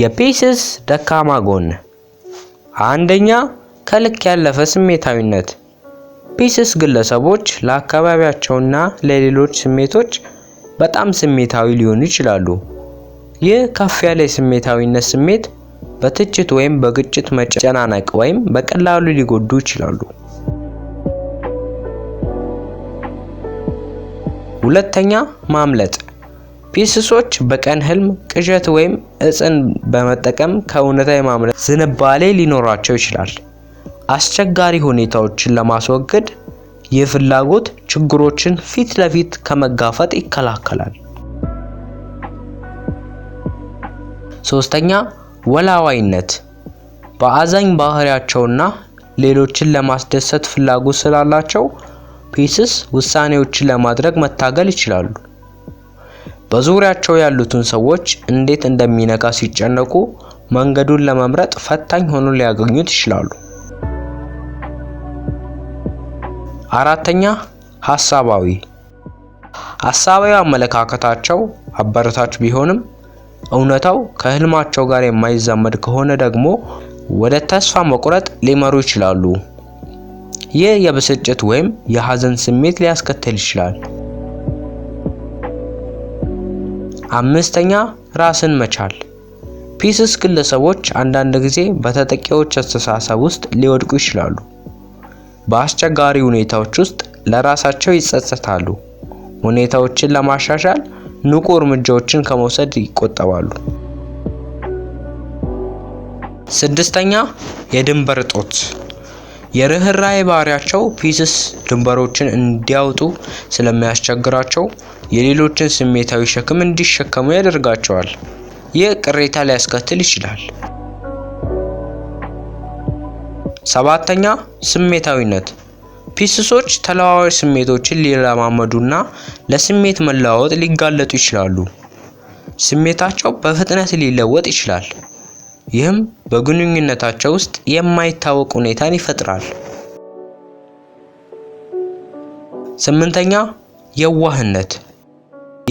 የፒስስ ደካማ ጎን አንደኛ ከልክ ያለፈ ስሜታዊነት። ፔስስ ግለሰቦች ለአካባቢያቸውና ለሌሎች ስሜቶች በጣም ስሜታዊ ሊሆኑ ይችላሉ። ይህ ከፍ ያለ የስሜታዊነት ስሜት በትችት ወይም በግጭት መጨናነቅ ወይም በቀላሉ ሊጎዱ ይችላሉ። ሁለተኛ ማምለጥ ፒስሶች በቀን ህልም ቅዠት ወይም እጽን በመጠቀም ከእውነታ የማምለጥ ዝንባሌ ሊኖራቸው ይችላል። አስቸጋሪ ሁኔታዎችን ለማስወገድ ይህ ፍላጎት ችግሮችን ፊት ለፊት ከመጋፈጥ ይከላከላል። ሶስተኛ ወላዋይነት በአዛኝ ባህሪያቸውና ሌሎችን ለማስደሰት ፍላጎት ስላላቸው ፒስስ ውሳኔዎችን ለማድረግ መታገል ይችላሉ። በዙሪያቸው ያሉትን ሰዎች እንዴት እንደሚነካ ሲጨነቁ መንገዱን ለመምረጥ ፈታኝ ሆኖ ሊያገኙት ይችላሉ። አራተኛ ሐሳባዊ ሐሳባዊ አመለካከታቸው አበረታች ቢሆንም እውነታው ከህልማቸው ጋር የማይዛመድ ከሆነ ደግሞ ወደ ተስፋ መቁረጥ ሊመሩ ይችላሉ። ይህ የብስጭት ወይም የሀዘን ስሜት ሊያስከትል ይችላል። አምስተኛ ራስን መቻል። ፒስስ ግለሰቦች አንዳንድ ጊዜ በተጠቂዎች አስተሳሰብ ውስጥ ሊወድቁ ይችላሉ። በአስቸጋሪ ሁኔታዎች ውስጥ ለራሳቸው ይጸጸታሉ። ሁኔታዎችን ለማሻሻል ንቁ እርምጃዎችን ከመውሰድ ይቆጠባሉ። ስድስተኛ የድንበር እጦት። የርህራይ ባህሪያቸው ፒስስ ድንበሮችን እንዲያውጡ ስለሚያስቸግራቸው የሌሎችን ስሜታዊ ሸክም እንዲሸከሙ ያደርጋቸዋል። ይህ ቅሬታ ሊያስከትል ይችላል። ሰባተኛ ስሜታዊነት። ፒስሶች ተለዋዋጭ ስሜቶችን ሊለማመዱና ለስሜት መለዋወጥ ሊጋለጡ ይችላሉ። ስሜታቸው በፍጥነት ሊለወጥ ይችላል። ይህም በግንኙነታቸው ውስጥ የማይታወቅ ሁኔታን ይፈጥራል። ስምንተኛ የዋህነት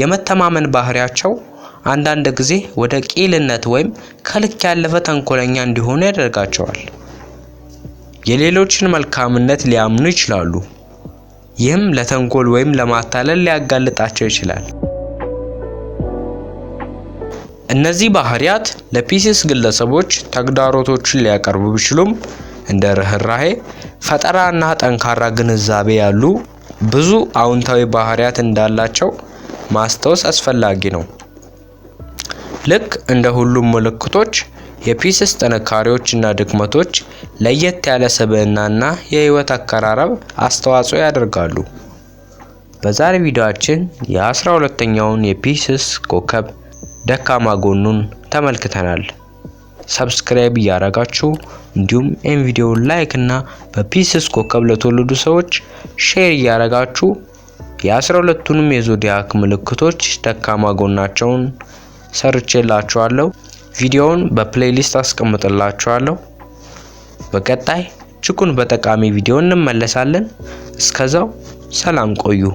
የመተማመን ባህሪያቸው አንዳንድ ጊዜ ወደ ቂልነት ወይም ከልክ ያለፈ ተንኮለኛ እንዲሆኑ ያደርጋቸዋል። የሌሎችን መልካምነት ሊያምኑ ይችላሉ። ይህም ለተንኮል ወይም ለማታለል ሊያጋልጣቸው ይችላል። እነዚህ ባህሪያት ለፒሲስ ግለሰቦች ተግዳሮቶችን ሊያቀርቡ ቢችሉም እንደ ርህራሄ፣ ፈጠራና ጠንካራ ግንዛቤ ያሉ ብዙ አዎንታዊ ባህሪያት እንዳላቸው ማስታወስ አስፈላጊ ነው። ልክ እንደ ሁሉም ምልክቶች የፒስስ ጥንካሬዎች እና ድክመቶች ለየት ያለ ስብዕናና የህይወት አቀራረብ አስተዋጽኦ ያደርጋሉ። በዛሬ ቪዲዮአችን የአስራ ሁለተኛውን የፒስስ ኮከብ ደካማ ጎኑን ተመልክተናል። ሰብስክራይብ እያደረጋችሁ እንዲሁም ኤን ቪዲዮ ላይክ እና በፒስስ ኮከብ ለተወለዱ ሰዎች ሼር እያደረጋችሁ የአስራ ሁለቱንም የዞዲያክ ምልክቶች ደካማ ጎናቸውን ሰርቼላችኋለሁ። ቪዲዮውን በፕሌሊስት አስቀምጥላችኋለሁ። በቀጣይ እጅጉን በጠቃሚ ቪዲዮ እንመለሳለን። እስከዛው ሰላም ቆዩ።